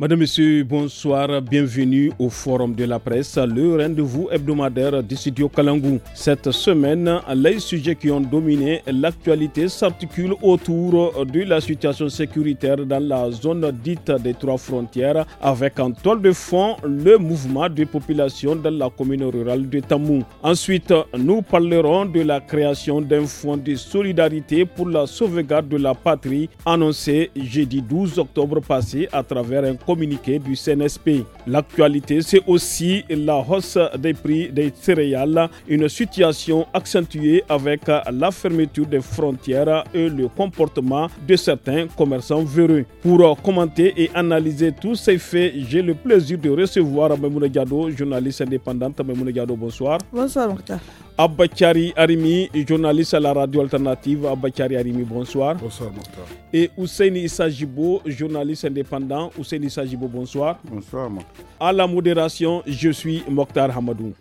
Madame, Monsieur, bonsoir, bienvenue au Forum de la presse, le rendez-vous hebdomadaire du studio Kalangou. Cette semaine, les sujets qui ont dominé l'actualité s'articulent autour de la situation sécuritaire dans la zone dite des trois frontières, avec en toile de fond le mouvement des populations dans la commune rurale de Tamou. Ensuite, nous parlerons de la création d'un fonds de solidarité pour la sauvegarde de la patrie annoncé jeudi 12 octobre passé à travers un communiqué du CNSP. L'actualité, c'est aussi la hausse des prix des céréales, une situation accentuée avec la fermeture des frontières et le comportement de certains commerçants véreux. Pour commenter et analyser tous ces faits, j'ai le plaisir de recevoir Mme Diado, journaliste indépendante. Mme Diado, bonsoir. Bonsoir, Mokhtar. Kari Arimi, journaliste à la radio alternative. Kari Arimi, bonsoir. Bonsoir, Mokhtar. Et Ousseini Sajibo, journaliste indépendant. Ousseini Isajibo, bonsoir. Bonsoir, Mokhtar. À la modération, je suis Mokhtar Hamadou.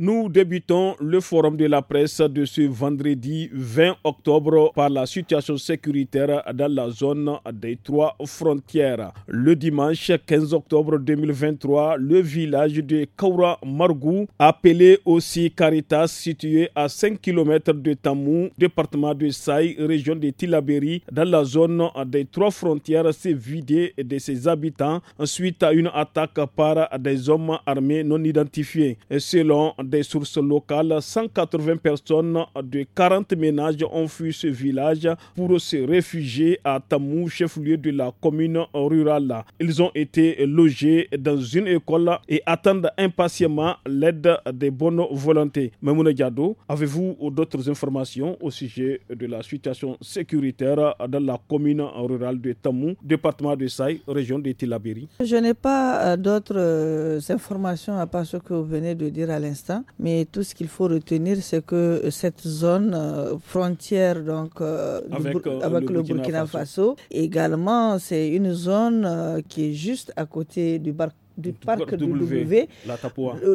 Nous débutons le forum de la presse de ce vendredi 20 octobre par la situation sécuritaire dans la zone des trois frontières. Le dimanche 15 octobre 2023, le village de Kaura Margou, appelé aussi Caritas, situé à 5 km de Tamou, département de Saï, région de Tilaberi, dans la zone des trois frontières, s'est vidé de ses habitants suite à une attaque par des hommes armés non identifiés. selon des sources locales, 180 personnes de 40 ménages ont fui ce village pour se réfugier à Tamou, chef-lieu de la commune rurale. Ils ont été logés dans une école et attendent impatiemment l'aide des bonnes volontés. Mamouna Diado, avez-vous d'autres informations au sujet de la situation sécuritaire dans la commune rurale de Tamou, département de Saï, région de Tilabiri Je n'ai pas euh, d'autres euh, informations à part ce que vous venez de dire à l'instant. Hein. Mais tout ce qu'il faut retenir, c'est que cette zone euh, frontière donc, euh, euh, avec, le, Burkina, Faso. également, c'est une zone qui est juste à côté du du parc w,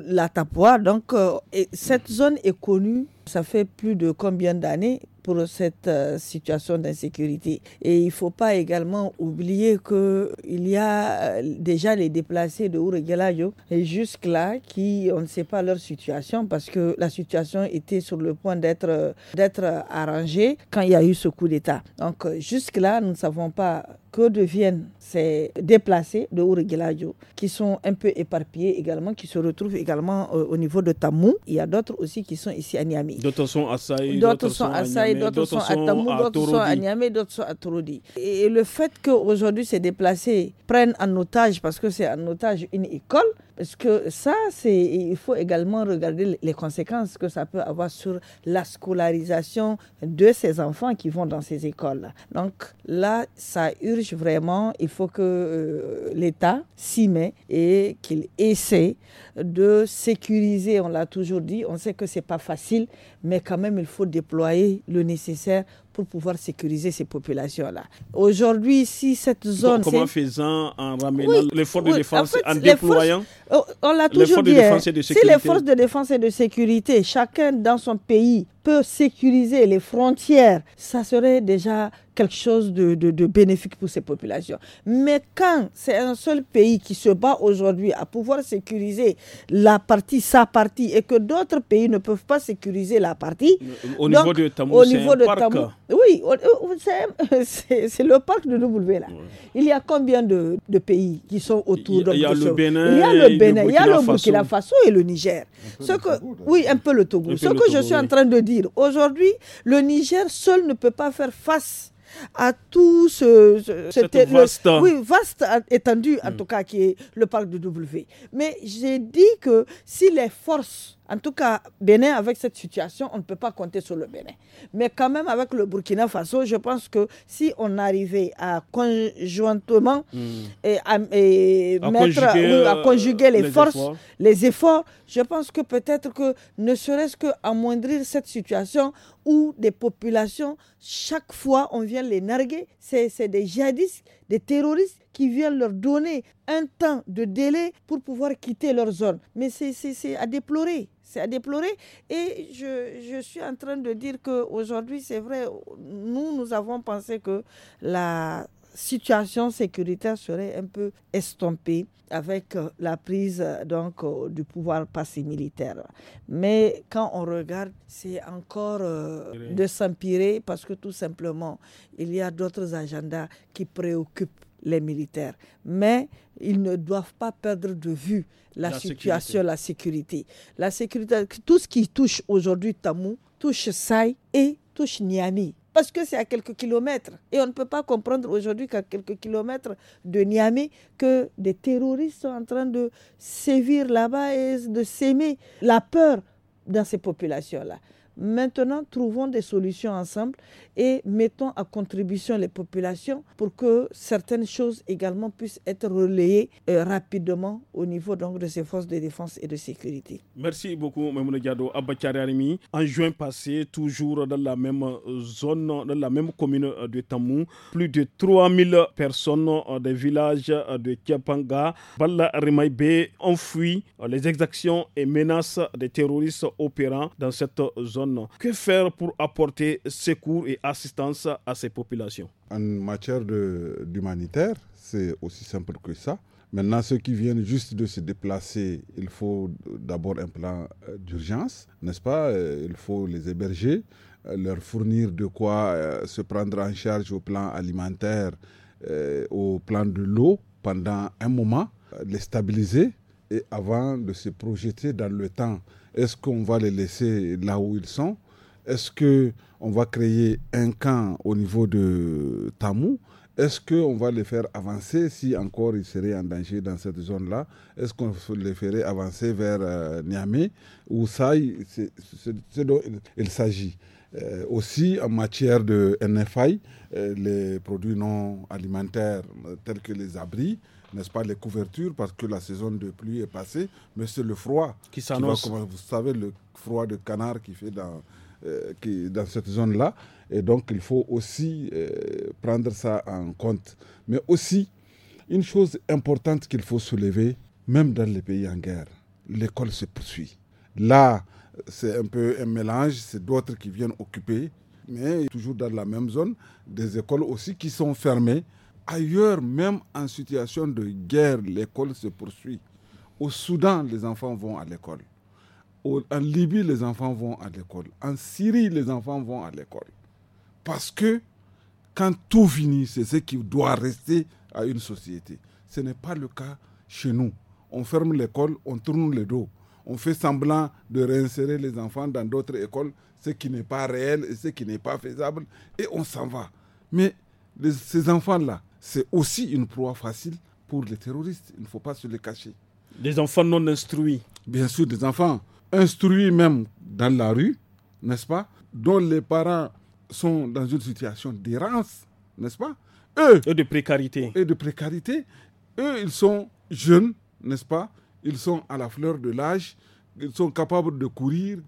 la Tapua. Donc, cette hmm. zone est connue ça fait plus de combien d'années pour cette euh, situation d'insécurité. Et il ne faut pas également oublier qu'il y a euh, déjà les déplacés de Uregelayo et jusque-là qui, on ne sait pas leur situation parce que la situation était sur le point d'être, euh, d'être arrangée quand il y a eu ce coup d'État. Donc jusque-là, nous ne savons pas que deviennent ces déplacés de Uregelayo qui sont un peu éparpillés également, qui se retrouvent également au niveau de Tamou. Il y a d'autres aussi qui sont ici à Niamey. D'autres sont à Saï, d'autres sont à d'autres sont à Tamou, d'autres sont à Niamey, d'autres sont à Trodi. Et le fait qu'aujourd'hui ces déplacés prennent en otage, parce que c'est en otage une école, parce que ça, c'est, il faut également regarder les conséquences que ça peut avoir sur la scolarisation de ces enfants qui vont dans ces écoles. Donc là, ça urge vraiment, il faut que euh, l'État s'y met et qu'il essaie de sécuriser, on l'a toujours dit, on sait que c'est pas facile, mais quand même, il faut déployer le nécessaire pour pouvoir sécuriser ces populations-là. Aujourd'hui, si cette zone... comment faisant en ramenant l'effort de défense, en, déployant... Oh, on l'a toujours dit, hein. si les forces de défense et de sécurité, chacun dans son pays, peut sécuriser les frontières, ça serait déjà quelque chose de, de, bénéfique pour ces populations. Mais quand c'est un seul pays qui se bat aujourd'hui à pouvoir sécuriser la partie, sa partie, et que d'autres pays ne peuvent pas sécuriser la partie, au niveau de Tamou, au niveau parc. oui, c'est le parc de W là. Il y a combien de, pays qui sont autour de Il y a le il y a le Bénin, il y a le Burkina Faso et le Niger. Ce que, oui, un peu le Togo. Ce que je suis en train de dire Aujourd'hui, le Niger seul ne peut pas faire face à tout ce, vaste, le, oui, vaste étendue, en mm. tout cas, qui est le parc de W. Mais j'ai dit que si les forces en tout cas, Bénin, avec cette situation, on ne peut pas compter sur le Bénin. Mais quand même, avec le Burkina Faso, je pense que si on arrivait à conjointement hmm. et à, mettre, conjuguer, à euh, conjuguer, les, forces, les efforts, je pense que peut-être que ne serait-ce moindrir cette situation où des populations, chaque fois, on vient les narguer, c'est des djihadistes, des terroristes qui viennent leur donner un temps de délai pour pouvoir quitter leur zone. Mais c'est à déplorer. C'est à déplorer. Et je, je, suis en train de dire qu'aujourd'hui, c'est vrai, nous, nous avons pensé que la situation sécuritaire serait un peu estompée avec euh, la prise euh, donc euh, du pouvoir passé militaire. Mais quand on regarde, c'est encore de s'empirer parce que tout simplement, il y a d'autres agendas qui préoccupent les militaires. Mais ils ne doivent pas perdre de vue la, situation, la sécurité. La sécurité, tout ce qui touche aujourd'hui Tamou, touche Saï et touche Niamey parce que c'est à quelques kilomètres. Et on ne peut pas comprendre aujourd'hui qu'à quelques kilomètres de Niamey, que des terroristes sont en train de sévir là-bas et de s'aimer la peur dans ces populations-là. Maintenant, trouvons des solutions ensemble et mettons à contribution les populations pour que certaines choses également puissent être relayées euh, rapidement au niveau donc, de ces forces de défense et de sécurité. Merci beaucoup, Mme Diado. Arimi, en juin passé, toujours dans la même zone, dans la même commune de Tamou, plus de 3000 personnes des villages de Kiapanga, Bala Rimaybe ont fui les exactions et menaces des terroristes opérant dans cette zone que faire pour apporter secours et assistance à ces populations En matière d'humanitaire, c'est aussi simple que ça. Maintenant, ceux qui viennent juste de se déplacer, il faut d'abord un plan euh, d'urgence, n'est-ce pas euh, Il faut les héberger, euh, leur fournir de quoi se prendre en charge au plan alimentaire, au plan de l'eau pendant un moment, les stabiliser et avant de se projeter dans le temps est-ce qu'on va les laisser là où ils sont Est-ce qu'on va créer un camp au niveau de Tamou est-ce qu'on va les faire avancer si encore ils seraient en danger dans cette zone-là Est-ce qu'on les ferait avancer vers euh, Niamey ou ça, c'est dont il, s'agit euh, aussi en matière de NFI, euh, les produits non alimentaires tels que les abris, n'est-ce pas, les couvertures parce que la saison de pluie est passée, mais c'est le froid qui s'annonce. Vous savez, le froid de canard qui fait dans, euh, qui, dans cette zone-là. Et donc, il faut aussi euh, prendre ça en compte. Mais aussi, une chose importante qu'il faut soulever, même dans les pays en guerre, l'école se poursuit. Là, c'est un peu un mélange, c'est d'autres qui viennent occuper, mais toujours dans la même zone, des écoles aussi qui sont fermées Ailleurs, même en situation de guerre, l'école se poursuit. Au Soudan, les enfants vont à l'école. en Libye, les enfants vont à l'école. En Syrie, les enfants vont à l'école. Parce que quand tout finit, c'est ce qui doit rester à une société. Ce n'est pas le cas chez nous. On ferme l'école, on tourne le dos. On fait semblant de réinsérer les enfants dans d'autres écoles, ce qui n'est pas réel et ce qui n'est pas faisable, et on s'en va. Mais ces enfants-là, c'est aussi une proie facile pour les terroristes. Il ne faut pas se les cacher. Des enfants non instruits. Bien sûr, des enfants instruits même dans la rue, n'est-ce pas Dont les parents sont dans une situation d'errance, n'est-ce pas Eux. Et de précarité. Et de précarité. Eux, ils sont jeunes, n'est-ce pas Ils sont à la fleur de l'âge. Ils sont capables de courir,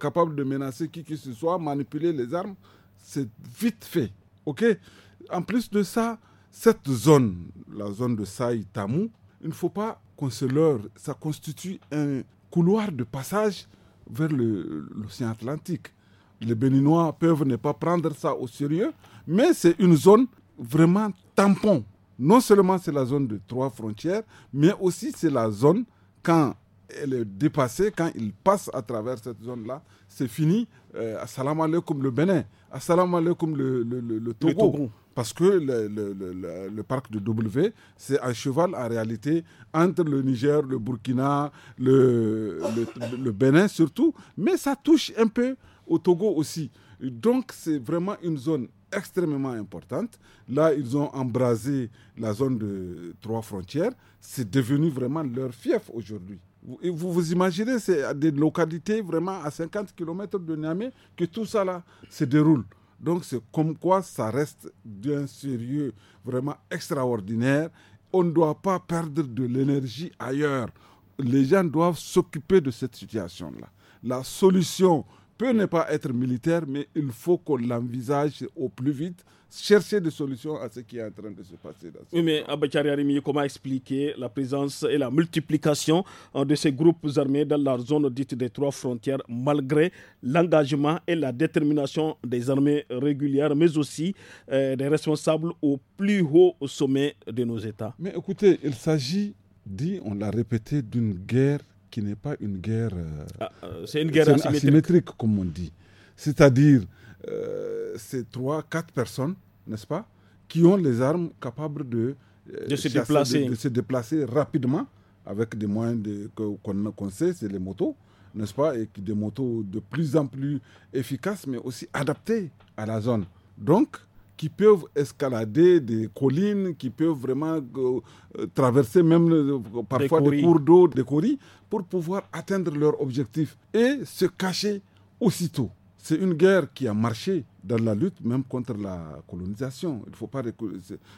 capables de menacer qui que ce soit, manipuler les armes. C'est vite fait. OK En plus de ça, cette zone, la zone de Saï Tamou, il ne faut pas qu'on se leurre. Ça constitue un couloir de passage vers l'océan Atlantique. Les Béninois peuvent ne pas prendre ça au sérieux, mais c'est une zone vraiment tampon. Non seulement c'est la zone de trois frontières, mais aussi c'est la zone quand elle est dépassée, quand il passe à travers cette zone-là, c'est fini. à euh, assalamu alaikum le Bénin, assalamu alaikum comme le, le Togo parce que le, parc de W, c'est un cheval en réalité entre le Niger, le Burkina, le, Bénin surtout, mais ça touche un peu au Togo aussi. Donc c'est vraiment une zone extrêmement importante. Là, ils ont embrasé la zone de trois frontières. C'est devenu vraiment leur fief aujourd'hui. Vous, vous imaginez, c'est des localités vraiment à 50 km de Niamey que tout ça là se déroule. Donc c'est comme quoi ça reste d'un sérieux vraiment extraordinaire. On ne doit pas perdre de l'énergie ailleurs. Les gens doivent s'occuper de cette situation-là. La solution peut ne pas être militaire, mais il faut qu'on l'envisage au plus vite, chercher des solutions à ce qui est en train de se passer. oui, mais Abachari Arimi, comment expliquer la présence et la multiplication hein, de ces groupes armés dans la zone dite des trois frontières, malgré l'engagement et la détermination des armées régulières, mais aussi euh, des responsables au plus haut sommet de nos États Mais écoutez, il s'agit, dit, on l'a répété, d'une guerre qui n'est pas une guerre. Euh, ah, euh, c'est une guerre asymétrique. comme on dit. C'est-à-dire, euh, c'est trois, quatre personnes, n'est-ce pas, qui ont les armes capables de, euh, se, déplacer. De, se déplacer rapidement avec des moyens de, qu'on sait, c'est les motos, n'est-ce pas, et des motos de plus en plus efficaces, mais aussi adaptées à la zone. Donc, qui peuvent escalader des collines, qui peuvent vraiment euh, traverser même euh, parfois des, cours d'eau, des coris, pour pouvoir atteindre leur objectif et se cacher aussitôt. C'est une guerre qui a marché dans la lutte même contre la colonisation. Il ne faut pas...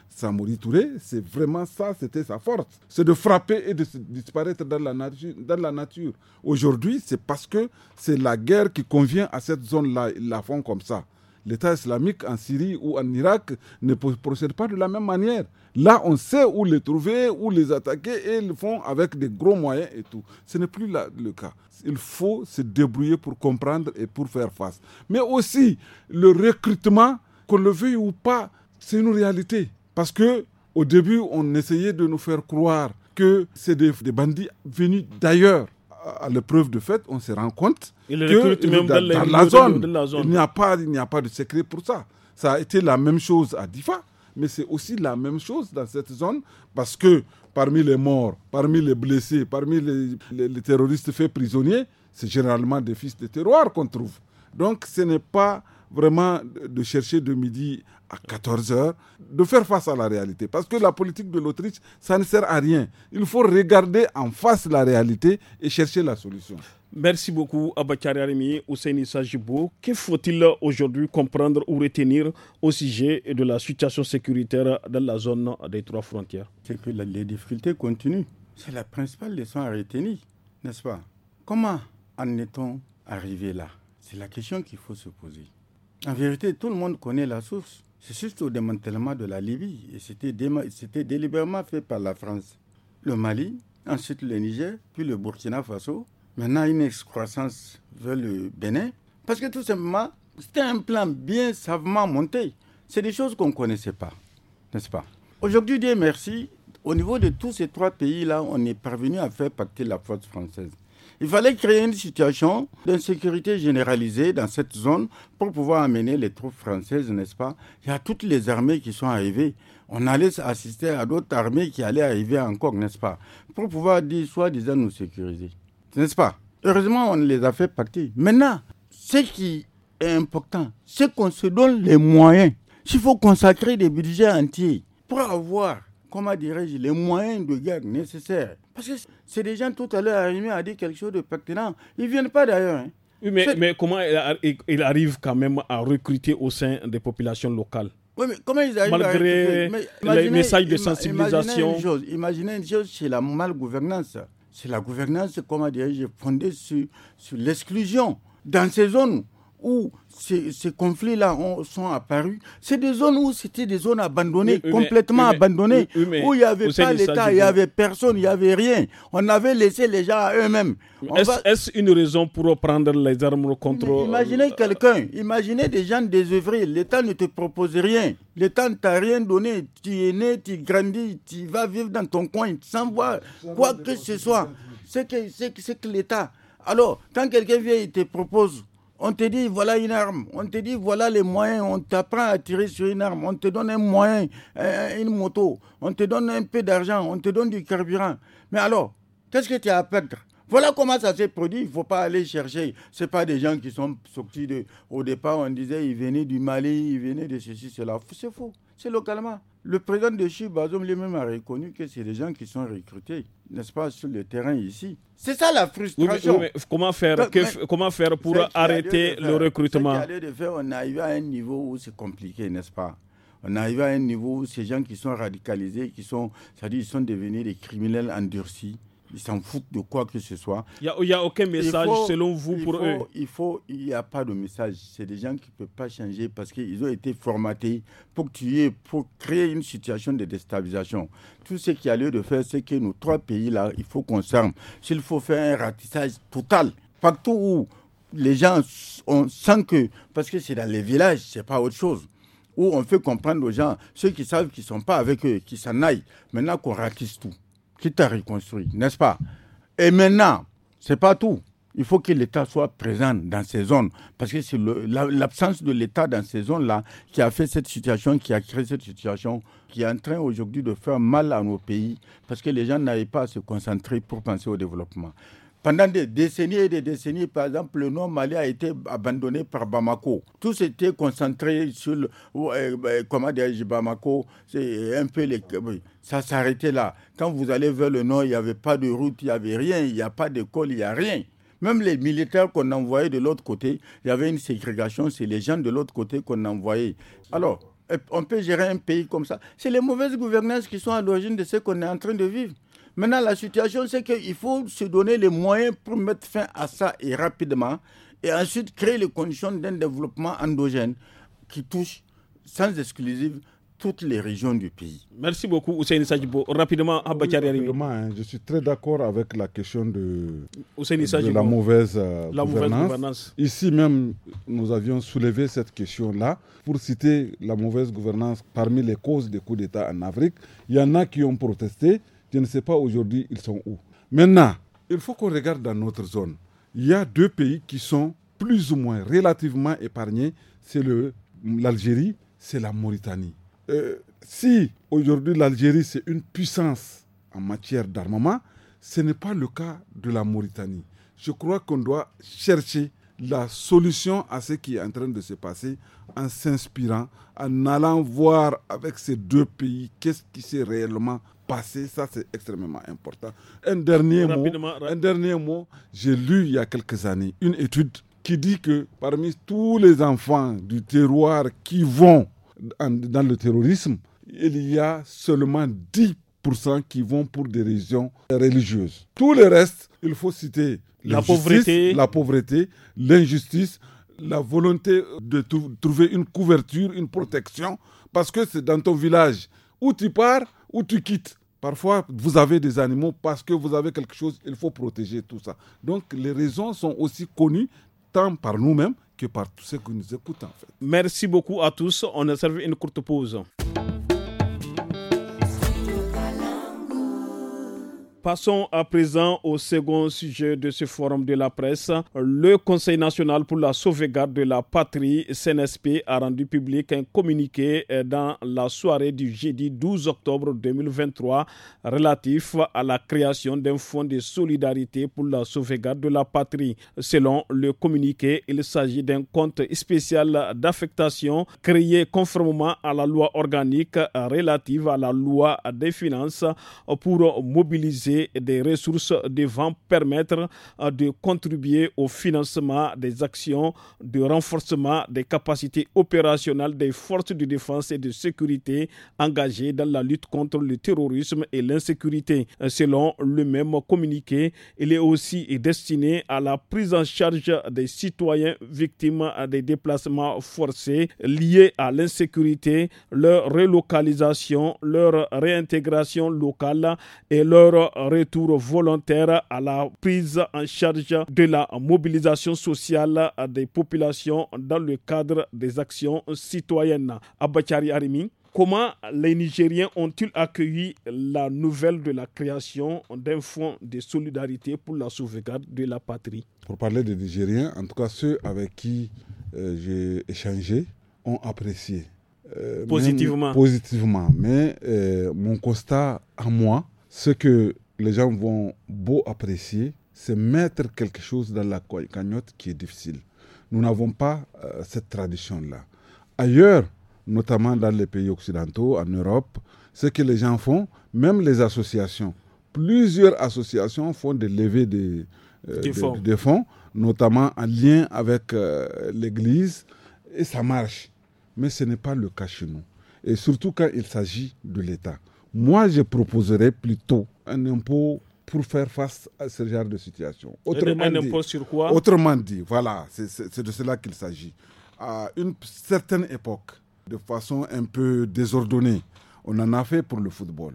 s'amoritourer, c'est vraiment ça, c'était sa force. C'est de frapper et de disparaître dans la, nature, dans la nature. Aujourd'hui, c'est parce que c'est la guerre qui convient à cette zone-là. Ils la font comme ça l'État islamique en Syrie ou en Irak ne procède pas de la même manière. Là, on sait où les trouver, où les attaquer et ils le font avec des gros moyens et tout. Ce n'est plus le cas. Il faut se débrouiller pour comprendre et pour faire face. Mais aussi, le recrutement, qu'on le veuille ou pas, c'est une réalité. Parce que au début, on essayait de nous faire croire que c'est des bandits venus d'ailleurs à l'épreuve de fait, on se rend compte que même dans, la zone, il n'y a pas, il n'y a pas de secret pour ça. Ça a été la même chose à Difa, mais c'est aussi la même chose dans cette zone parce que parmi les morts, parmi les blessés, parmi les, les terroristes faits prisonniers, c'est généralement des fils de terroir qu'on trouve. Donc ce n'est pas vraiment de chercher de midi à 14h, de faire face à la réalité. Parce que la politique de l'Autriche, ça ne sert à rien. Il faut regarder en face la réalité et chercher la solution. Merci beaucoup, Abakari Arimi, Ousseini Sajibo. Que faut-il aujourd'hui comprendre ou retenir au sujet de la situation sécuritaire dans la zone des trois frontières C'est que les difficultés continuent. C'est la principale leçon à retenir, n'est-ce pas Comment en est-on arrivé là C'est la question qu'il faut se poser. En vérité, tout le monde connaît la source. C'est juste au démantèlement de la Libye et c'était délibérément fait par la France. Le Mali, ensuite le Niger, puis le Burkina Faso. Maintenant, une excroissance vers le Bénin. Parce que tout simplement, c'était un plan bien savement monté. C'est des choses qu'on ne connaissait pas, n'est-ce pas Aujourd'hui, Dieu merci, au niveau de tous ces trois pays-là, on est parvenu à faire pacter la force française. Il fallait créer une situation d'insécurité généralisée dans cette zone pour pouvoir amener les troupes françaises, n'est-ce pas Il y a toutes les armées qui sont arrivées. On allait assister à d'autres armées qui allaient arriver encore, n'est-ce pas Pour pouvoir, dire, soi-disant, nous sécuriser. N'est-ce pas Heureusement, on les a fait partir. Maintenant, ce qui est important, c'est qu'on se donne les moyens. Il faut consacrer des budgets entiers pour avoir, comment dirais-je, les moyens de guerre nécessaires parce que c'est des gens tout à l'heure arrivés à dire quelque chose de pertinent. Ils ne viennent pas d'ailleurs. Hein. Oui, mais, comment ils arrivent quand même à recruter au sein des populations locales oui, mais comment ils arrivent à... les messages de sensibilisation. Imaginez une chose, c'est la mal-gouvernance. C'est la gouvernance, comment dire, fondée sur, sur l'exclusion dans ces zones où ces, conflits-là sont apparus, c'est des zones où c'était des zones abandonnées, complètement abandonnées, où il n'y avait pas l'État, il n'y avait personne, il n'y avait rien. On avait laissé les gens à eux-mêmes. Est-ce une raison pour prendre les armes contre... imaginez euh, quelqu'un, imaginez des gens désœuvrés, l'État ne te propose rien, l'État ne t'a rien donné, tu es né, tu grandis, tu vas vivre dans ton coin sans voir quoi que ce soit. C'est que, que l'État... Alors, quand quelqu'un vient, il te propose on te dit, voilà une arme. On te dit, voilà les moyens. On t'apprend à tirer sur une arme. On te donne un moyen, une moto. On te donne un peu d'argent. On te donne du carburant. Mais alors, qu'est-ce que tu as à perdre voilà comment ça s'est produit. Il ne faut pas aller chercher. Ce pas des gens qui sont sortis de. Au départ, on disait ils venaient du Mali, ils venaient de ceci, cela. C'est faux. C'est localement. Le président de Chibazoum lui-même a reconnu que c'est des gens qui sont recrutés, n'est-ce pas, sur le terrain ici. C'est ça la frustration. comment, faire, comment faire pour arrêter le recrutement On arrive à un niveau où c'est compliqué, n'est-ce pas on arrive à un niveau où ces gens qui sont radicalisés, qui sont, c'est-à-dire ils sont devenus des criminels endurcis, ils s'en foutent de quoi que ce soit. Il n'y a, aucun message selon vous pour eux. Il faut, il n'y a pas de message. C'est des gens qui ne peuvent pas changer parce qu'ils ont été formatés pour tuer, pour créer une situation de déstabilisation. Tout ce qu'il y a lieu de faire, c'est que nos trois pays-là, il faut qu'on s'arme. S'il faut faire un ratissage total, partout où les gens on sent que, parce que c'est dans les villages, c'est pas autre chose où on fait comprendre aux gens, ceux qui savent qu'ils ne sont pas avec eux, qu'ils s'en aillent, maintenant qu'on ratisse tout qui t'a reconstruit, n'est-ce pas Et maintenant, c'est pas tout. Il faut que l'État soit présent dans ces zones, parce que c'est l'absence de l'État dans ces zones-là qui a fait cette situation, qui a créé cette situation, qui est en train aujourd'hui de faire mal à nos pays, parce que les gens n'avaient pas à se concentrer pour penser au développement. Pendant des décennies et des décennies, par exemple, le nom Mali a été abandonné par Bamako. Tout s'était concentré sur le, euh, euh, comment dire, Bamako, c'est un peu ça s'arrêtait là. Quand vous allez vers le nord, il n'y avait pas de route, il n'y avait rien, il n'y a pas d'école, il n'y a rien. Même les militaires qu'on envoyait de l'autre côté, il y avait une ségrégation, c'est les gens de l'autre côté qu'on envoyait. Alors, on peut gérer un pays comme ça. C'est les mauvaises gouvernances qui sont à l'origine de ce qu'on est en train de vivre. Maintenant, la situation, c'est qu'il faut se donner les moyens pour mettre fin à ça et rapidement, et ensuite créer les conditions d'un développement endogène qui touche sans exclusive toutes les régions du pays. Merci beaucoup, Ousseini Sajibo. Rapidement, Abba oui, hein. je suis très d'accord avec la question de, la, mauvaise, euh, gouvernance. Ici même, nous avions soulevé cette question-là. Pour citer la mauvaise gouvernance parmi les causes des coups d'État en Afrique, il y en a qui ont protesté, je ne sais pas aujourd'hui, ils sont où. Maintenant, il faut qu'on regarde dans notre zone. Il y a deux pays qui sont plus ou moins relativement épargnés. C'est l'Algérie, c'est la Mauritanie. Euh, si aujourd'hui l'Algérie, c'est une puissance en matière d'armement, ce n'est pas le cas de la Mauritanie. Je crois qu'on doit chercher la solution à ce qui est en train de se passer en s'inspirant, en allant voir avec ces deux pays qu'est-ce qui s'est réellement passé. Ça, c'est extrêmement important. Un dernier, mot, un dernier mot, j'ai lu il y a quelques années une étude qui dit que parmi tous les enfants du terroir qui vont dans le terrorisme, il y a seulement 10% qui vont pour des raisons religieuses. Tout le reste il faut citer la pauvreté, la pauvreté, l'injustice, la volonté de trouver une couverture, une protection, parce que c'est dans ton village où tu pars, où tu quittes. Parfois, vous avez des animaux parce que vous avez quelque chose, il faut protéger tout ça. Donc, les raisons sont aussi connues tant par nous-mêmes que par tous ceux qui nous écoutent en fait. Merci beaucoup à tous. On a servi une courte pause. Passons à présent au second sujet de ce forum de la presse. Le Conseil national pour la sauvegarde de la patrie, CNSP, a rendu public un communiqué euh, dans la soirée du jeudi 12 octobre 2023 relatif à la création d'un fonds de solidarité pour la sauvegarde de la patrie. Selon le communiqué, il s'agit d'un compte spécial d'affectation créé conformément à la loi organique relative à la loi des finances pour mobiliser des ressources devant permettre euh, de contribuer au financement des actions de renforcement des capacités opérationnelles des forces de défense et de sécurité engagées dans la lutte contre le terrorisme et l'insécurité. Euh, selon le même communiqué, il est aussi destiné à la prise en charge des citoyens victimes des déplacements forcés liés à l'insécurité, leur relocalisation, leur réintégration locale et leur euh, retour volontaire à la prise en charge de la mobilisation sociale des populations dans le cadre des actions citoyennes. Abachari Arimi, comment les Nigériens ont-ils accueilli la nouvelle de la création d'un fonds de solidarité pour la sauvegarde de la patrie Pour parler des Nigériens, en tout cas ceux avec qui euh, j'ai échangé ont apprécié. Euh, positivement. positivement. Mais euh, mon constat à moi, c'est que les gens vont beau apprécier, c'est mettre quelque chose dans la cagnotte qui est difficile. Nous n'avons pas euh, cette tradition-là. Ailleurs, notamment dans les pays occidentaux, en Europe, ce que les gens font, même les associations, plusieurs associations font des levées de, euh, fonds. notamment en lien avec euh, l'Église, et ça marche. Mais ce n'est pas le cas chez nous. Et surtout quand il s'agit de l'État. Moi, je proposerais plutôt un impôt pour faire face à ce genre de situation. Autrement dit, sur quoi Autrement dit, voilà, c'est de cela qu'il s'agit. À une certaine époque, de façon un peu désordonnée, on en a fait pour le football.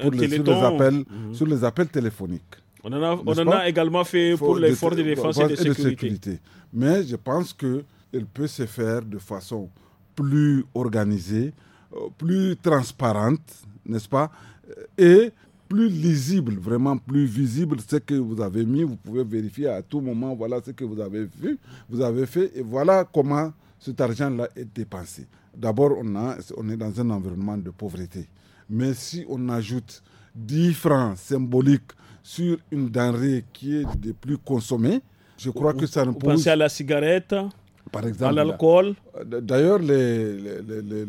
pour les, sur, les appels, mhm. sur les appels téléphoniques. On en a, également fait pour les forces de défense et de sécurité. Mais je pense qu'il peut se faire de façon plus organisée, euh, plus transparente, n'est-ce pas euh, Et plus lisible, vraiment plus visible ce que vous avez mis. Vous pouvez vérifier à tout moment, voilà ce que vous avez vu, vous avez fait, et voilà comment cet argent-là est dépensé. D'abord, on, on est dans un environnement de pauvreté. Mais si on ajoute 10 francs symboliques sur une denrée qui est de plus consommées, je crois que ça ne pose... Vous pensez à la cigarette par exemple. l'alcool euh, D'ailleurs, les,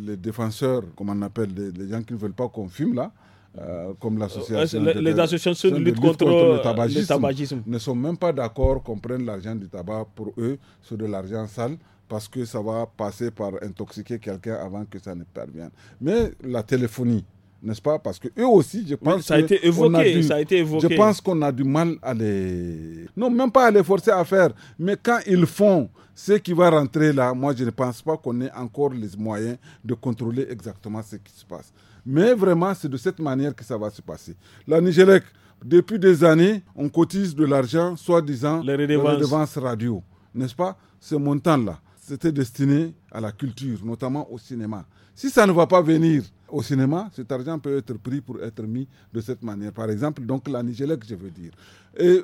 les, défenseurs, comme on appelle, les, gens qui ne veulent pas qu'on fume là, euh, comme l'association. Euh, les, associations de, lutte, contre, le, tabagisme, le, tabagisme, ne sont même pas d'accord qu'on prenne l'argent du tabac pour eux sur de l'argent sale parce que ça va passer par intoxiquer quelqu'un avant que ça ne parvienne. Mais la téléphonie, n'est-ce pas Parce que eux aussi, je pense. ça, a été été Je pense qu'on a du mal à les. Non, même pas à les forcer à faire. Mais quand ils font ce qui va rentrer là, moi, je ne pense pas qu'on ait encore les moyens de contrôler exactement ce qui se passe. Mais vraiment, c'est de cette manière que ça va se passer. La Nigélec, depuis des années, on cotise de l'argent, soi-disant, les redevances radio. N'est-ce pas Ce montant-là, c'était destiné à la culture, notamment au cinéma. Si ça ne va pas venir au cinéma, cet argent peut être pris pour être mis de cette manière. Par exemple, donc la Nigélec, je veux dire. Et,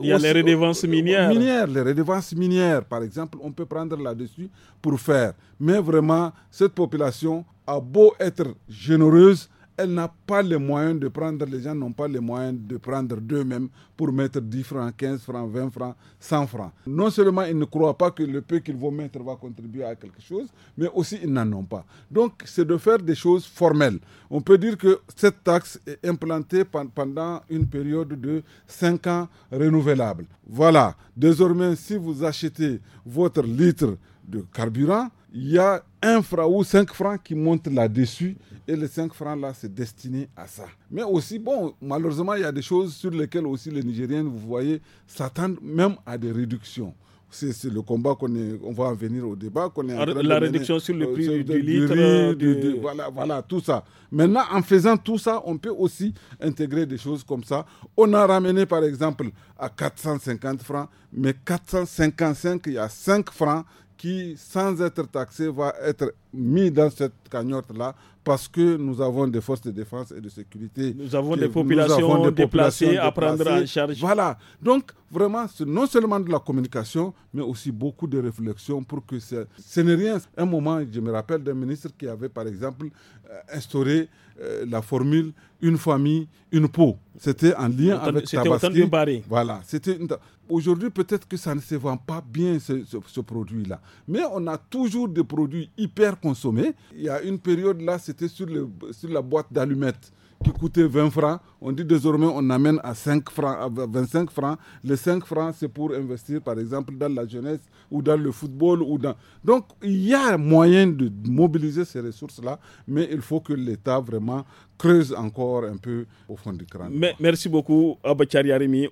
Il y a euh, les redevances euh, minières. Les redevances minières, par exemple, on peut prendre là-dessus pour faire. Mais vraiment, cette population a beau être généreuse, elle n'a pas les moyens de prendre, les gens n'ont pas les moyens de prendre d'eux-mêmes pour mettre 10 francs, 15 francs, 20 francs, 100 francs. Non seulement ils ne croient pas que le peu qu'ils vont mettre va contribuer à quelque chose, mais aussi ils n'en ont pas. Donc c'est de faire des choses formelles. On peut dire que cette taxe est implantée pendant une période de 5 ans renouvelable. Voilà, désormais si vous achetez votre litre de carburant, il y a un franc ou cinq francs qui montent là-dessus et les 5 francs là c'est destiné à ça. Mais aussi bon, malheureusement il y a des choses sur lesquelles aussi les Nigériens, vous voyez, s'attendent même à des réductions. C'est le combat qu'on on va en venir au débat qu'on la réduction sur le euh, prix du, litre, euh, du, voilà, voilà tout ça. Maintenant, en faisant tout ça, on peut aussi intégrer des choses comme ça. On a ramené par exemple à 450 francs, mais 455, il y a 5 francs qui, sans être taxé, va être mis dans cette cagnotte-là parce que nous avons des forces de défense et de sécurité. Nous avons des populations déplacées, à prendre en charge. Voilà. Donc, vraiment, c'est non seulement de la communication, mais aussi beaucoup de réflexion pour que ce n'est rien. Un moment, je me rappelle d'un ministre qui avait, par exemple, euh, instauré euh, la formule une famille, une peau. C'était en lien avec Tabaski. C'était Voilà. C'était Voilà. Aujourd'hui, peut-être que ça ne se vend pas bien, ce produit-là. Mais on a toujours des produits hyper consommer. Il y a une période là, c'était sur, sur la boîte d'allumettes qui coûtait 20 francs. On dit désormais on amène à 5 francs, à 25 francs. Les 5 francs, c'est pour investir, par exemple, dans la jeunesse ou dans le football. ou dans. Donc, il y a moyen de mobiliser ces ressources-là, mais il faut que l'État vraiment creuse encore un peu au fond du crâne. Mais, merci beaucoup, Abachari Arimi,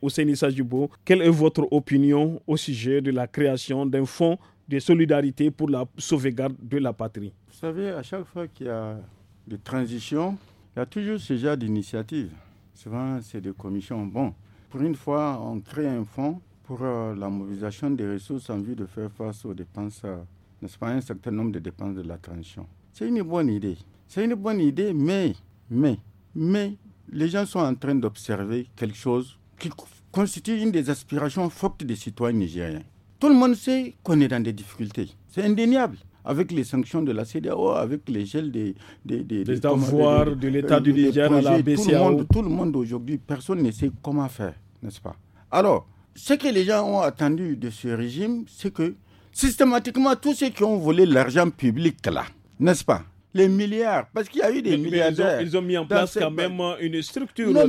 Quelle est votre opinion au sujet de la création d'un fonds de solidarité pour la sauvegarde de la patrie. Vous savez, à chaque fois qu'il y a des transitions, il y a toujours ce genre d'initiatives. Souvent, c'est des commissions. Bon, pour une fois, on crée un fonds pour euh, la mobilisation des ressources en vue de faire face aux dépenses, euh, n'est-ce pas, un certain nombre de dépenses de la transition. C'est une bonne idée. C'est une bonne idée, mais, mais, mais, les gens sont en train d'observer quelque chose qui constitue une des aspirations fortes des citoyens nigériens. Tout le monde sait qu'on est dans des difficultés. C'est indéniable avec les sanctions de la CDAO, avec les gels des, des, avoirs de l'État euh, du Niger à la tout le monde aujourd'hui, personne ne sait comment faire, n'est-ce pas Alors, ce que les gens ont attendu de ce régime, c'est que systématiquement, tous ceux qui ont volé l'argent public là, n'est-ce pas les milliards, parce qu'il y a eu des milliards. ils, ont, mis en place quand même une structure, la,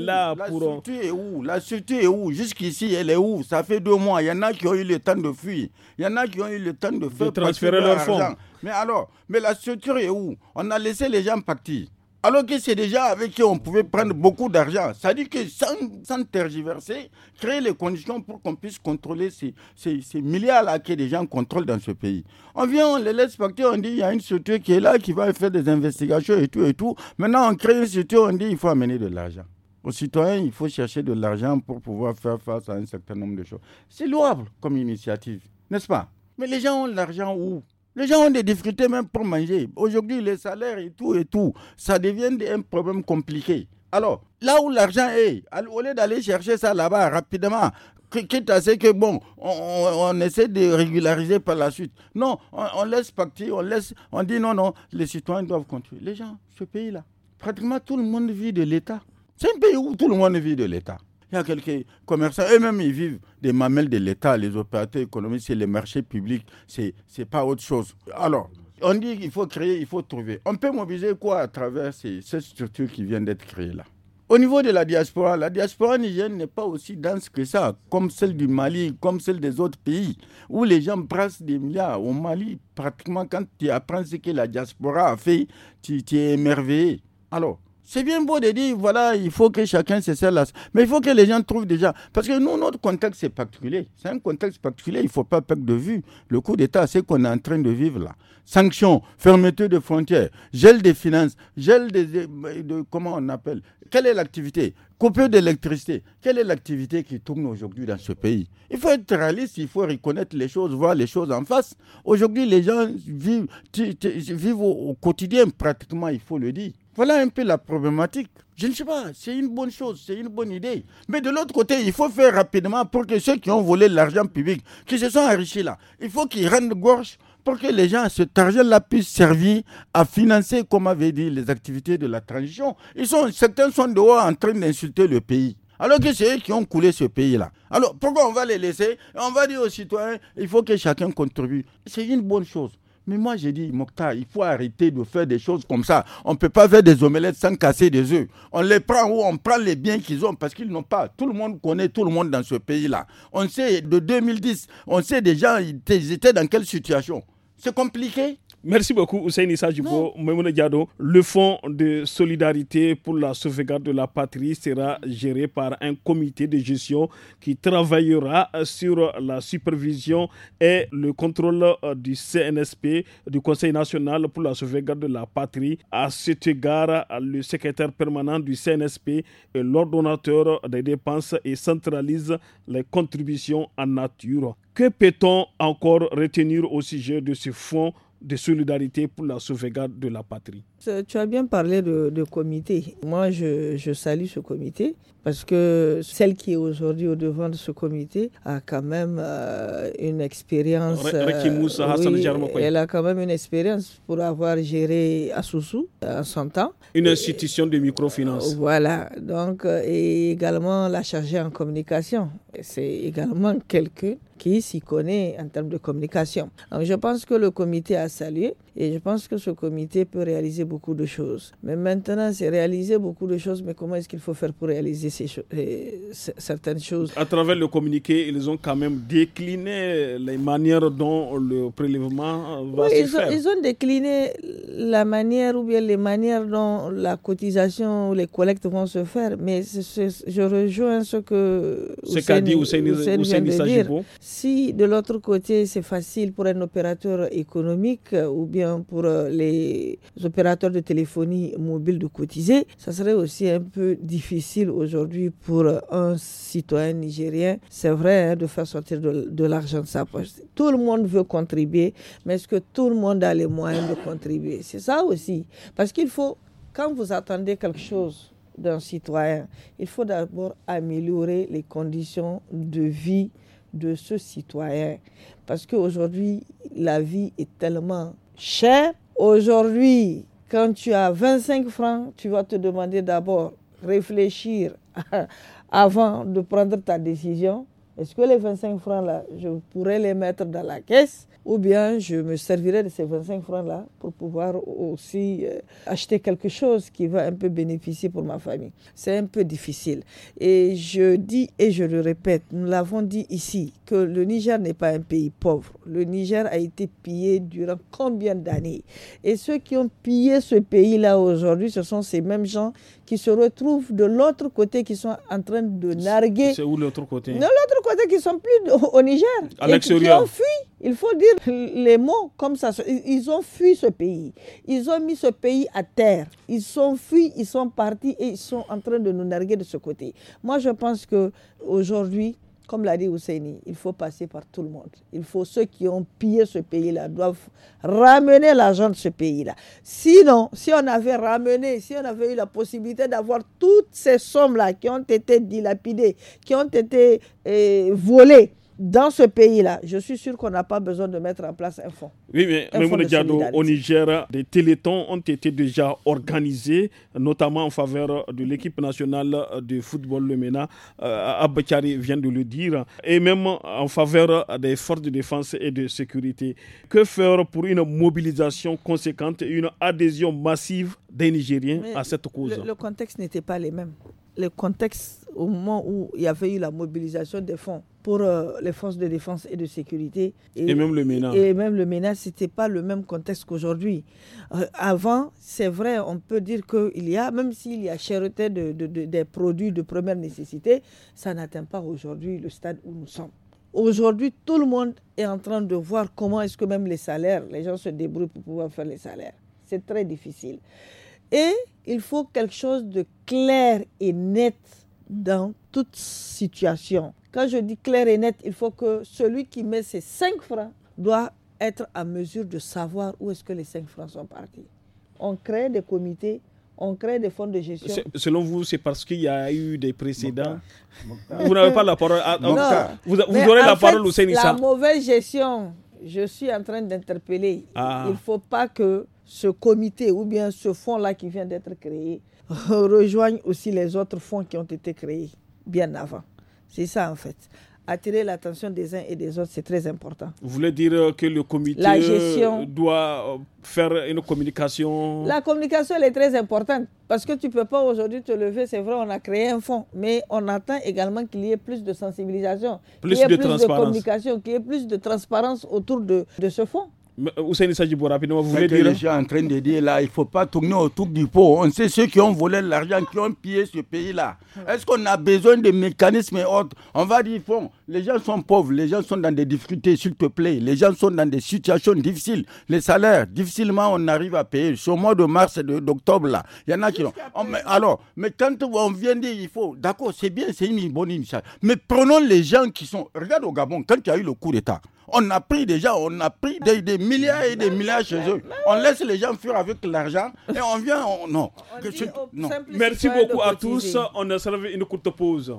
là pour. Structure est où la structure est où Jusqu'ici, elle est où Ça fait deux mois. Il y en a qui ont eu le temps de fuir. Il y en a qui ont eu le temps de faire. De transférer leur fonds. Mais alors, mais la structure est où On a laissé les gens partir alors que c'est déjà avec qui on pouvait prendre beaucoup d'argent. Ça dit que sans, tergiverser, créer les conditions pour qu'on puisse contrôler ces, ces, ces milliards-là que les gens contrôlent dans ce pays. On vient, on les laisse partir, on dit il y a une structure qui est là, qui va faire des investigations et tout et tout. Maintenant, on crée une société, on dit il faut amener de l'argent. Aux citoyens, il faut chercher de l'argent pour pouvoir faire face à un certain nombre de choses. C'est louable comme initiative, n'est-ce pas Mais les gens ont l'argent où les gens ont des difficultés même pour manger. Aujourd'hui, les salaires et tout et tout, ça devient un problème compliqué. Alors, là où l'argent est, au lieu d'aller chercher ça là-bas rapidement, quitte à ce que, bon, on, essaie de régulariser par la suite. Non, on, laisse partir, on laisse, on dit non, non, les citoyens doivent continuer. Les gens, ce pays-là, pratiquement tout le monde vit de l'État. C'est un pays où tout le monde vit de l'État. Il y a quelques commerçants, eux-mêmes, ils vivent des mamelles de l'État, les opérateurs économiques, c'est les marchés publics, c'est n'est pas autre chose. Alors, on dit qu'il faut créer, il faut trouver. On peut mobiliser quoi à travers ces, cette structure qui vient d'être créée là Au niveau de la diaspora, la diaspora nigérienne n'est pas aussi dense que ça, comme celle du Mali, comme celle des autres pays, où les gens brassent des milliards. Au Mali, pratiquement, quand tu apprends ce que la diaspora a fait, tu, tu es émerveillé. Alors, c'est bien beau de dire, voilà, il faut que chacun se serre là. Mais il faut que les gens trouvent déjà. Parce que nous, notre contexte, c'est particulier. C'est un contexte particulier. Il ne faut pas perdre de vue le coup d'État, c'est qu'on est en train de vivre là. Sanctions, fermeture de frontières, gel des finances, gel des. De, comment on appelle Quelle est l'activité Coupure d'électricité. Quelle est l'activité qui tourne aujourd'hui dans ce pays Il faut être réaliste, il faut reconnaître les choses, voir les choses en face. Aujourd'hui, les gens vivent, vivent au quotidien, pratiquement, il faut le dire. Voilà un peu la problématique. Je ne sais pas, c'est une bonne chose, c'est une bonne idée. Mais de l'autre côté, il faut faire rapidement pour que ceux qui ont volé l'argent public, qui se sont enrichis là, il faut qu'ils rendent gorge pour que les gens, cet argent-là puisse servir à financer, comme avait dit, les activités de la transition. Ils sont, certains sont dehors en train d'insulter le pays. Alors que c'est eux qui ont coulé ce pays-là. Alors pourquoi on va les laisser On va dire aux citoyens, il faut que chacun contribue. C'est une bonne chose. Mais moi, j'ai dit, Mokta, il faut arrêter de faire des choses comme ça. On ne peut pas faire des omelettes sans casser des œufs. On les prend où on prend les biens qu'ils ont parce qu'ils n'ont pas. Tout le monde connaît tout le monde dans ce pays-là. On sait, de 2010, on sait déjà, ils étaient dans quelle situation. C'est compliqué. Merci beaucoup, Hussein Issa Djibo, Diado. Le Fonds de solidarité pour la sauvegarde de la patrie sera géré par un comité de gestion qui travaillera sur la supervision et le contrôle euh, du CNSP, du Conseil national pour la sauvegarde de la patrie. À cet égard, le secrétaire permanent du CNSP est l'ordonnateur des dépenses et centralise les contributions en nature. Que peut-on encore retenir au sujet de ce fonds de solidarité pour la sauvegarde de la patrie. Euh, tu as bien parlé de, comité. Moi, je, salue ce comité parce que celle qui est aujourd'hui au devant de ce comité a quand même euh, une expérience. Euh, elle a quand même une expérience pour avoir géré Asusu en son temps. Une institution de microfinance. Voilà. Donc, et également la chargée en communication. C'est également quelqu'un qui s'y connaît en termes de communication. Donc, je pense que le comité a salué. Et je pense que ce comité peut réaliser beaucoup de choses. Mais maintenant, c'est réaliser beaucoup de choses, mais comment est-ce qu'il faut faire pour réaliser ces certaines choses À travers le communiqué, ils ont quand même décliné les manières dont le prélèvement va se faire. ils ont décliné la manière ou bien les manières dont la cotisation ou les collectes vont se faire. Mais je rejoins ce que ce qu'a dit Hussein, de dire. Si de l'autre côté, c'est facile pour un opérateur économique ou bien Hein, pour euh, les opérateurs de téléphonie mobile de cotiser, ça serait aussi un peu difficile aujourd'hui pour euh, un citoyen nigérien, c'est vrai, hein, de faire sortir de, de l'argent de sa poche. Tout le monde veut contribuer, mais est-ce que tout le monde a les moyens de contribuer C'est ça aussi. Parce qu'il faut, quand vous attendez quelque chose, d'un citoyen. Il faut d'abord améliorer les conditions de vie de ce citoyen. Parce qu'aujourd'hui, la vie est tellement cher. Aujourd'hui, quand tu as 25 francs, tu vas te demander d'abord réfléchir avant de prendre ta décision. Est-ce que les 25 francs-là, je pourrais les mettre dans la caisse ou bien je me servirais de ces 25 francs-là pour pouvoir aussi euh, acheter quelque chose qui va un peu bénéficier pour ma famille C'est un peu difficile. Et je dis et je le répète, nous l'avons dit ici, que le Niger n'est pas un pays pauvre. Le Niger a été pillé durant combien d'années Et ceux qui ont pillé ce pays-là aujourd'hui, ce sont ces mêmes gens qui se retrouvent de l'autre côté, qui sont en train de narguer. C'est où l'autre côté De l'autre côté, qui sont plus au Niger. Et qui Ils ont fui. Il faut dire les mots comme ça. Ils ont fui ce pays. Ils ont mis ce pays à terre. Ils sont fuis, ils sont partis et ils sont en train de nous narguer de ce côté. Moi, je pense que aujourd'hui, comme l'a dit Ousseini, il faut passer par tout le monde. Il faut ceux qui ont pillé ce pays-là doivent ramener l'argent de ce pays-là. Sinon, si on avait ramené, si on avait eu la possibilité d'avoir toutes ces sommes-là qui ont été dilapidées, qui ont été eh, volées, dans ce pays-là, je suis sûr qu'on n'a pas besoin de mettre en place un fonds. Oui, mais au Niger, des télétons ont été déjà organisés, notamment en faveur de l'équipe nationale de football, le MENA. Euh, Abakari vient de le dire, et même en faveur des forces de défense et de sécurité. Que faire pour une mobilisation conséquente et une adhésion massive des Nigériens à cette cause le, le contexte n'était pas le même. Le contexte, au moment où il y avait eu la mobilisation des fonds, pour euh, les forces de défense et de sécurité. Et, même le ménage. Et même le ménage, ce n'était pas le même contexte qu'aujourd'hui. Euh, avant, c'est vrai, on peut dire qu'il y a, même s'il y a chèreté de, de, des produits de première nécessité, ça n'atteint pas aujourd'hui le stade où nous sommes. Aujourd'hui, tout le monde est en train de voir comment est-ce que même les salaires, les gens se débrouillent pour pouvoir faire les salaires. C'est très difficile. Et il faut quelque chose de clair et net dans toute situation. Quand je dis clair et net, il faut que celui qui met ses 5 francs doit être en mesure de savoir où est-ce que les 5 francs sont partis. On crée des comités, on crée des fonds de gestion. Selon vous, c'est parce qu'il y a eu des précédents Vous n'avez pas la parole. non. Ah, ah, vous, aurez la parole au Sénissa. La mauvaise gestion, je suis en train d'interpeller. Ah. Il ne faut pas que ce comité ou bien ce fonds-là qui vient d'être créé rejoigne aussi les autres fonds qui ont été créés bien avant. C'est ça, en fait. Attirer l'attention des uns et des autres, c'est très important. Vous voulez dire que le comité gestion, doit euh, faire une communication La communication, elle est très importante parce que tu ne peux pas aujourd'hui te lever. C'est vrai, on a créé un fonds, mais on attend également qu'il y ait plus de sensibilisation, qu'il y ait plus de communication, qu'il y ait plus de transparence autour de, de ce fonds. Euh, Ousseini Sajibou, rapidement, vous voulez les gens en train de dire là, il ne faut pas tourner autour du pot. On sait ceux qui ont volé l'argent, qui ont pillé ce pays-là. Est-ce qu'on a besoin de mécanismes et autres On va dire, bon, les gens sont pauvres, les gens sont dans des difficultés, s'il te plaît. Les gens sont dans des situations difficiles. Les salaires, difficilement, on arrive à payer. Sur le mois de mars et d'octobre, là, il y en a qui ont. Oh, alors, mais quand on vient dire, il faut. D'accord, c'est bien, c'est une bonne initiative. Mais prenons les gens qui sont. Regarde au Gabon, quand il y a eu le coup d'État. On a pris déjà, on a pris des, milliards et des milliards chez eux. On laisse les gens fuir avec l'argent et on vient. non. Merci beaucoup à tous. On a servi une courte pause.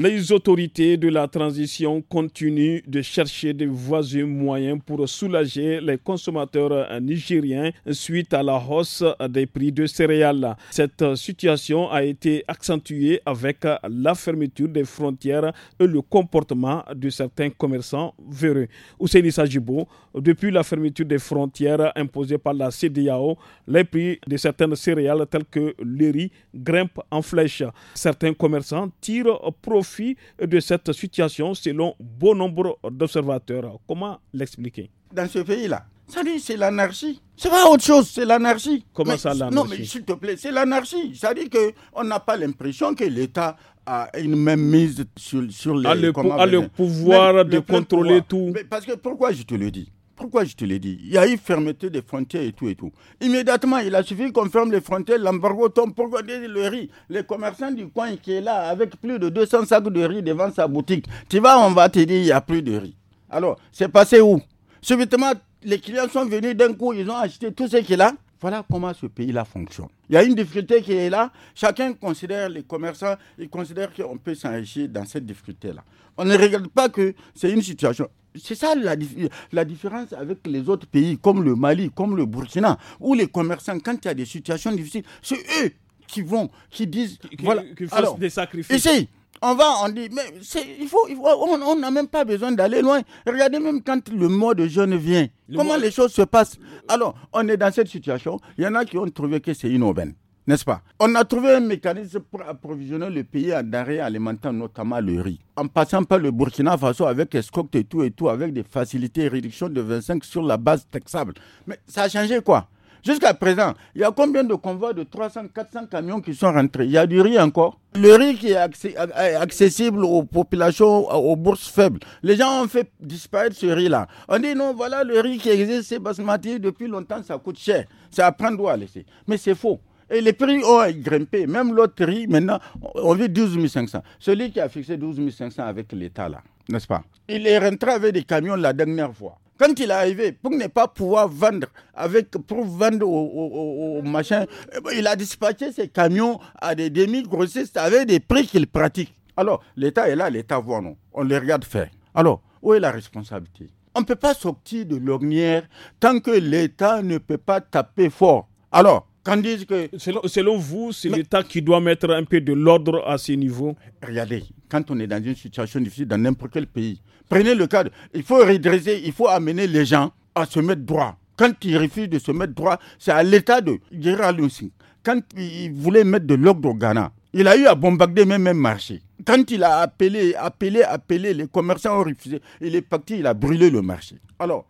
Les autorités de la transition continuent de chercher des voies et moyens pour soulager les consommateurs nigériens suite à la hausse des prix de céréales. Cette situation a été accentuée avec la fermeture des frontières et le comportement de certains commerçants véreux. Ousseini Sajibo, depuis la fermeture des frontières imposée par la CDAO, les prix de certaines céréales telles que le riz grimpent en flèche. Certains commerçants tirent profit de cette situation selon bon nombre d'observateurs. Comment l'expliquer Dans ce pays-là, ça dit c'est l'anarchie. C'est pas autre chose, c'est l'anarchie. Comment ça l'anarchie Non mais s'il te plaît, c'est l'anarchie. Ça dit que on n'a pas l'impression que l'État a une même mise sur les. A le, pouvoir de contrôler tout. Mais parce que pourquoi je te le dis pourquoi je te l'ai dit Il y a eu fermeté des frontières et tout et tout. Immédiatement, il a suffi qu'on ferme les frontières, l'embargo tombe. Pourquoi le riz Les commerçants du coin qui est là avec plus de 200 sacs de riz devant sa boutique, tu vas, on va te dire, il n'y a plus de riz. Alors, c'est passé où Subitement, les clients sont venus d'un coup, ils ont acheté tout ce qu'il a. Voilà comment ce pays-là fonctionne. Il y a une difficulté qui est là. Chacun considère les commerçants, ils considèrent qu'on peut s'enrichir dans cette difficulté-là. On ne regarde pas que c'est une situation. C'est ça la, la, différence avec les autres pays, comme le Mali, comme le Burkina, où les commerçants, quand il y a des situations difficiles, c'est eux qui vont, qui disent, qui, voilà, des sacrifices. Ici, on va, on dit, mais il on n'a même pas besoin d'aller loin. Regardez même quand le mot de jeûne vient, comment les choses se passent. Alors, on est dans cette situation. Il y en a qui ont trouvé que c'est une aubaine n'est-ce pas On a trouvé un mécanisme pour approvisionner le pays en denrées alimentant notamment le riz. En passant par le Burkina Faso avec escompte et tout et tout, avec des facilités et réductions de 25 sur la base taxable. Mais ça a changé quoi Jusqu'à présent, il y a combien de convois de 300, 400 camions qui sont rentrés Il y a du riz encore. Le riz qui est accessible aux populations, aux bourses faibles. Les gens ont fait disparaître ce riz-là. On dit non, voilà le riz qui existe, c'est basmati, depuis longtemps, ça coûte cher. C'est à prendre ou à laisser. Mais c'est faux. Et les prix ont oh, grimpé. Même l'autre maintenant, on veut 12 500. Celui qui a fixé 12 500 avec l'État, là, n'est-ce pas Il est rentré avec des camions la dernière fois. Quand il est arrivé, pour ne pas pouvoir vendre, avec, pour vendre au, machin, eh ben, il a dispatché ses camions à des demi-grossistes avec des prix qu'il pratique. Alors, l'État est là, l'État voit, non On les regarde faire. Alors, où est la responsabilité On ne peut pas sortir de l'ornière tant que l'État ne peut pas taper fort. Alors, ils disent que... Selon, vous, c'est l'État qui doit mettre un peu de l'ordre à ce niveau Regardez, quand on est dans une situation difficile dans n'importe quel pays, prenez le cadre, il faut redresser, il faut amener les gens à se mettre droit. Quand ils refusent de se mettre droit, c'est à l'État de Gérard Quand il voulait mettre de l'ordre au Ghana, il a eu à bombarder même un marché. Quand il a appelé, appelé, appelé, les commerçants ont refusé. Il est parti, il a brûlé le marché. Alors,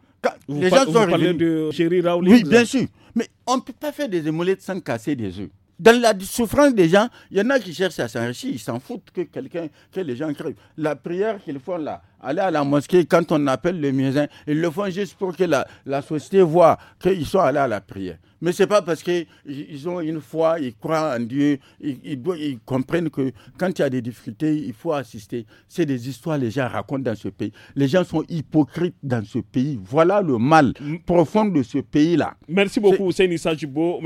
les gens sont de Oui, bien sûr. Mais on ne peut pas faire des émolettes sans casser des œufs. Dans la souffrance des gens, il y en a qui cherchent à s'enrichir, ils s'en foutent que quelqu'un, que les gens crèvent. La prière qu'ils font là, aller à la mosquée, quand on appelle les miens ils le font juste pour que la, société voit qu'ils sont allés à la prière. Mais ce n'est pas parce qu'ils ont une foi, ils croient en Dieu, ils, comprennent que quand il y a des difficultés, il faut assister. C'est des histoires que les gens racontent dans ce pays. Les gens sont hypocrites dans ce pays. Voilà le mal profond de ce pays-là. Merci beaucoup, Hussein Issajibo,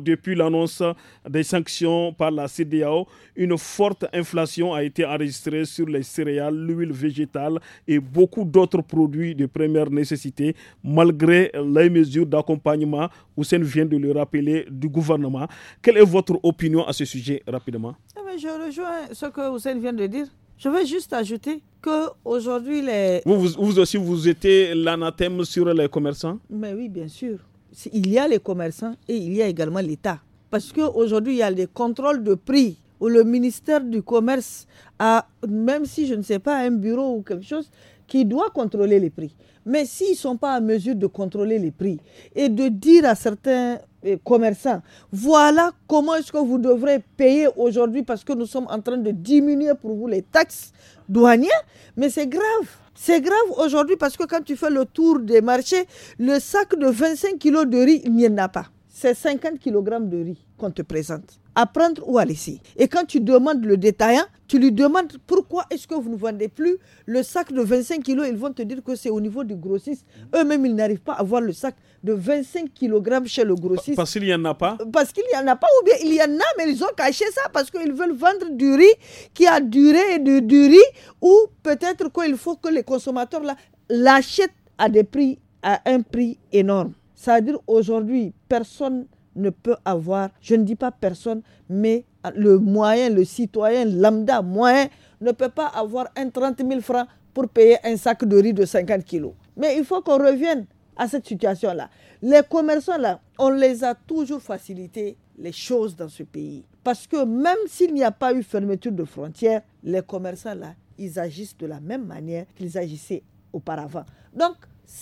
Depuis l'annonce des sanctions par la CDAO, une forte inflation a été enregistrée sur les céréales, l'huile végétale et beaucoup d'autres produits de première nécessité, malgré les mesures d'accompagnement, Hussein vient de le rappeler, du gouvernement. Quelle est votre opinion à ce sujet rapidement eh ben, Je rejoins ce que Hussein vient de dire. Je veux juste ajouter que aujourd'hui les... Vous, aussi, vous étiez l'anathème sur les commerçants Mais oui, bien sûr. Il y a les commerçants et il y a également l'État. Parce qu'aujourd'hui, il y a les contrôles de prix où le ministère du Commerce a, même si je ne sais pas, un bureau ou quelque chose qui doit contrôler les prix. Mais s'ils ne sont pas en mesure de contrôler les prix et de dire à certains euh, commerçants, voilà comment est-ce que vous devrez payer aujourd'hui parce que nous sommes en train de diminuer pour vous les taxes douanières, mais c'est grave. C'est grave aujourd'hui parce que quand tu fais le tour des marchés, le sac de 25 kilos de riz, il n'y en a pas c'est 50 kg de riz qu'on te présente. À prendre ou à laisser. Et quand tu demandes le détaillant, tu lui demandes pourquoi est-ce que vous ne vendez plus le sac de 25 kg. Ils vont te dire que c'est au niveau du grossiste. Eux-mêmes, ils n'arrivent pas à avoir le sac de 25 kg chez le grossiste. Parce qu'il n'y en a pas Parce qu'il n'y en a pas, ou bien il y en a, mais ils ont caché ça parce qu'ils veulent vendre du riz qui a duré et du, riz, ou peut-être qu'il faut que les consommateurs l'achètent à des prix, à un prix énorme. Ça veut dire aujourd'hui, personne ne peut avoir, je ne dis pas personne, mais le moyen, le citoyen lambda moyen ne peut pas avoir un 30 000 francs pour payer un sac de riz de 50 kilos. Mais il faut qu'on revienne à cette situation-là. Les commerçants-là, on les a toujours facilité les choses dans ce pays. Parce que même s'il n'y a pas eu fermeture de frontières, les commerçants-là, ils agissent de la même manière qu'ils agissaient auparavant. Donc,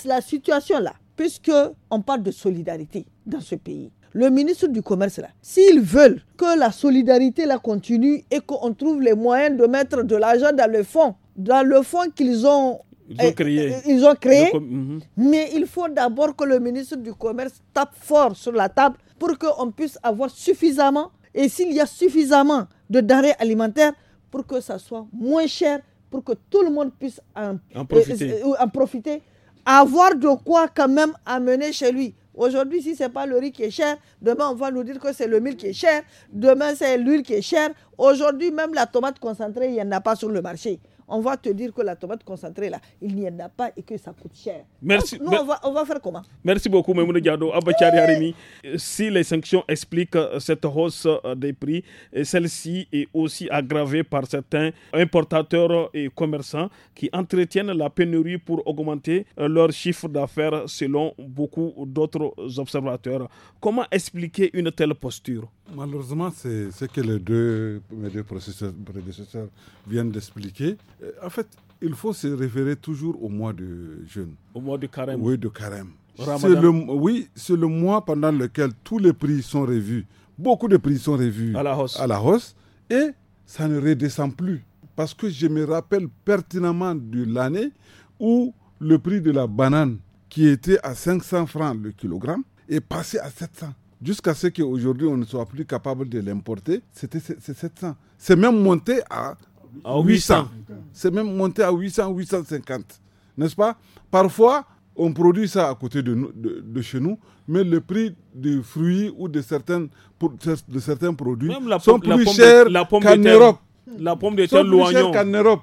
la situation-là, puisque on parle de solidarité dans ce pays. Le ministre du Commerce, là, s'ils veulent que la solidarité là continue et qu'on trouve les moyens de mettre de l'argent dans le fonds, dans le fond qu'ils euh, euh, ont créé. Ils ont créé. Mhm. Mais il faut d'abord que le ministre du Commerce tape fort sur la table pour qu'on puisse avoir suffisamment, et s'il y a suffisamment de denrées alimentaires, pour que ça soit moins cher, pour que tout le monde puisse en, en profiter euh, avoir de quoi quand même amener chez lui. Aujourd'hui, si ce n'est pas le riz qui est cher, demain, on va nous dire que c'est le mil qui est cher, demain, c'est l'huile qui est chère. Aujourd'hui, même la tomate concentrée, il n'y en a pas sur le marché on va te dire que la tomate concentrée, là, il n'y en a pas et que ça coûte cher. Merci. nous, on va, faire comment Merci beaucoup, Mme Gado. Harimi, si les sanctions expliquent euh, cette hausse euh, des prix, euh, celle-ci est aussi aggravée par certains importateurs et commerçants qui entretiennent la pénurie pour augmenter leur chiffre d'affaires selon beaucoup d'autres observateurs. Comment expliquer une telle posture Malheureusement, c'est ce que les deux, mes deux prédécesseurs viennent d'expliquer. Euh, en fait, il faut se référer toujours au mois de jeûne. Au mois de carême. Oui, de carême. oui, c'est le mois pendant lequel tous les prix sont revus. Beaucoup de prix sont revus à la hausse. À la hausse et ça ne redescend plus. Parce que je me rappelle pertinemment de l'année où le prix de la banane, qui était à 500 francs le kilogramme, est passé à 700. Jusqu'à ce qu'aujourd'hui, on ne soit plus capable de l'importer, c'était 700. C'est même monté à 800. C'est même monté à 800, 850. N'est-ce pas Parfois, on produit ça à côté de, chez nous, mais le prix des fruits ou de certains, de certains produits la sont plus chers qu'en Europe. La pomme de terre, sont plus qu'en Europe.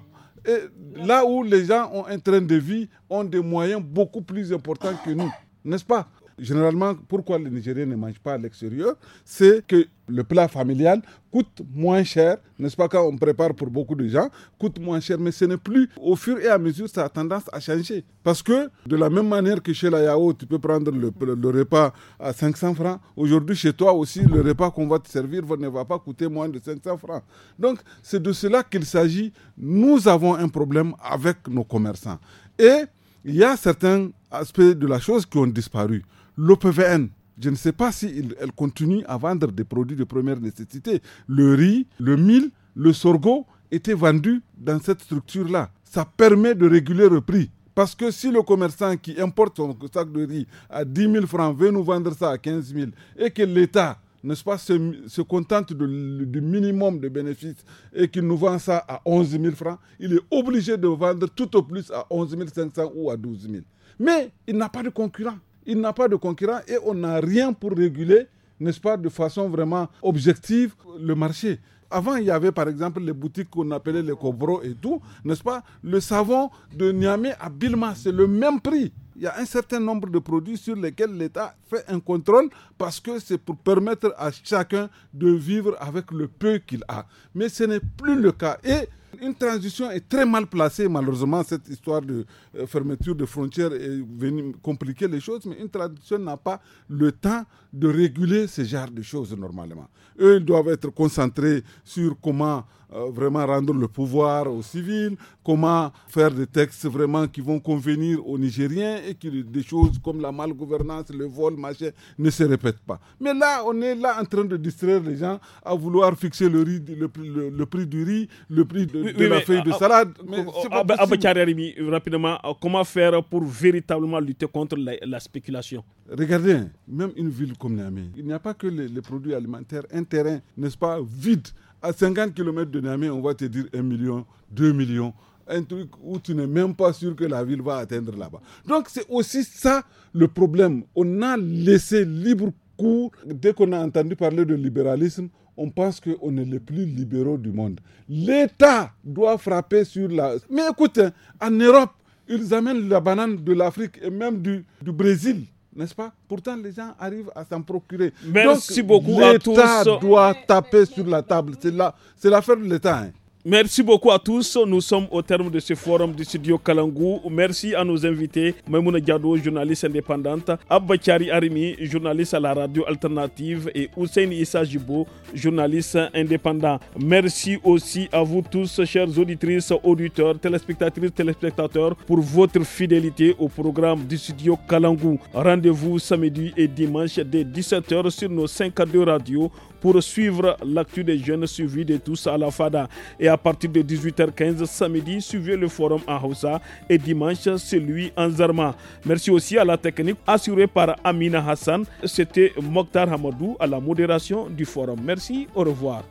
là où les gens ont un train de vie, ont des moyens beaucoup plus importants que nous, n'est-ce pas Généralement, pourquoi les Nigériens ne mangent pas à l'extérieur C'est que le plat familial coûte moins cher, n'est-ce pas, quand on prépare pour beaucoup de gens, coûte moins cher, mais ce n'est plus. Au fur et à mesure, ça a tendance à changer. Parce que de la même manière que chez la Yao, tu peux prendre le repas à 500 francs, aujourd'hui chez toi aussi, le repas qu'on va te servir ne va pas coûter moins de 500 francs. Donc, c'est de cela qu'il s'agit. Nous avons un problème avec nos commerçants. Et il y a certains aspects de la chose qui ont disparu l'OPVN, je ne sais pas si elle continue à vendre des produits de première nécessité. Le riz, le mil, le sorgho étaient vendus dans cette structure-là. Ça permet de réguler le prix. Parce que si le commerçant qui importe son sac de riz à 10 000 francs veut nous vendre ça à 15 000 et que l'État, n'est-ce pas, se, se contente du minimum de bénéfices et qu'il nous vend ça à 11 000 francs, il est obligé de vendre tout au plus à 11 500 ou à 12 000. Mais il n'a pas de concurrent il n'a pas de concurrent et on n'a rien pour réguler, n'est-ce pas, de façon vraiment objective le marché. Avant, il y avait par exemple les boutiques qu'on appelait les cobros et tout, n'est-ce pas Le savon de Niamey à Bilma, c'est le même prix. Il y a un certain nombre de produits sur lesquels l'État fait un contrôle parce que c'est pour permettre à chacun de vivre avec le peu qu'il a. Mais ce n'est plus le cas. Et une transition est très mal placée, malheureusement, cette histoire de euh, fermeture de frontières est venue compliquer les choses, mais une transition n'a pas le temps de réguler ce genre de choses normalement. Eux, ils doivent être concentrés sur comment euh, vraiment rendre le pouvoir aux civils, comment faire des textes vraiment qui vont convenir aux Nigériens et que des choses comme la malgouvernance, le vol, machin, ne se répètent pas. Mais là, on est là en train de distraire les gens à vouloir fixer le, riz, le prix du riz, le prix de oui, de la feuille de ah, salade. Mais oh, ah, bah, ah, bah, rapidement, euh, comment faire pour véritablement lutter contre la, spéculation Regardez, même une ville comme Niamey, il n'y a pas que les, produits alimentaires, un terrain, n'est-ce pas, vide. À 50 km de Niamey, on va te dire 1 million, 2 millions un truc où tu n'es même pas sûr que la ville va atteindre là-bas. Donc c'est aussi ça le problème. On a laissé libre cours dès qu'on a entendu parler de libéralisme on pense qu'on est les plus libéraux du monde. L'État doit frapper sur la... Mais écoute, hein, en Europe, ils amènent la banane de l'Afrique et même du, du Brésil. N'est-ce pas Pourtant, les gens arrivent à s'en procurer. mais Donc, beaucoup L'État doit taper sur la table. C'est l'affaire de l'État. Hein. Merci beaucoup à tous. Nous sommes au terme de ce forum du studio Kalangou. Merci à nos invités. Maimouna Diado, journaliste indépendante. Abba Arimi, journaliste à la radio alternative. Et Hussein Issa Jibo, journaliste indépendant. Merci aussi à vous tous, chers auditrices, auditeurs, téléspectatrices, téléspectateurs, pour votre fidélité au programme du studio Kalangou. Rendez-vous samedi et dimanche dès 17h sur nos 52 radios pour suivre l'actu des jeunes suivis de tous à la FADA. Et à partir de 18h15 samedi, suivez le forum à Hausa et dimanche celui en Zarma. Merci aussi à la technique assurée par Amina Hassan. C'était Mokhtar Hamadou à la modération du forum. Merci, au revoir.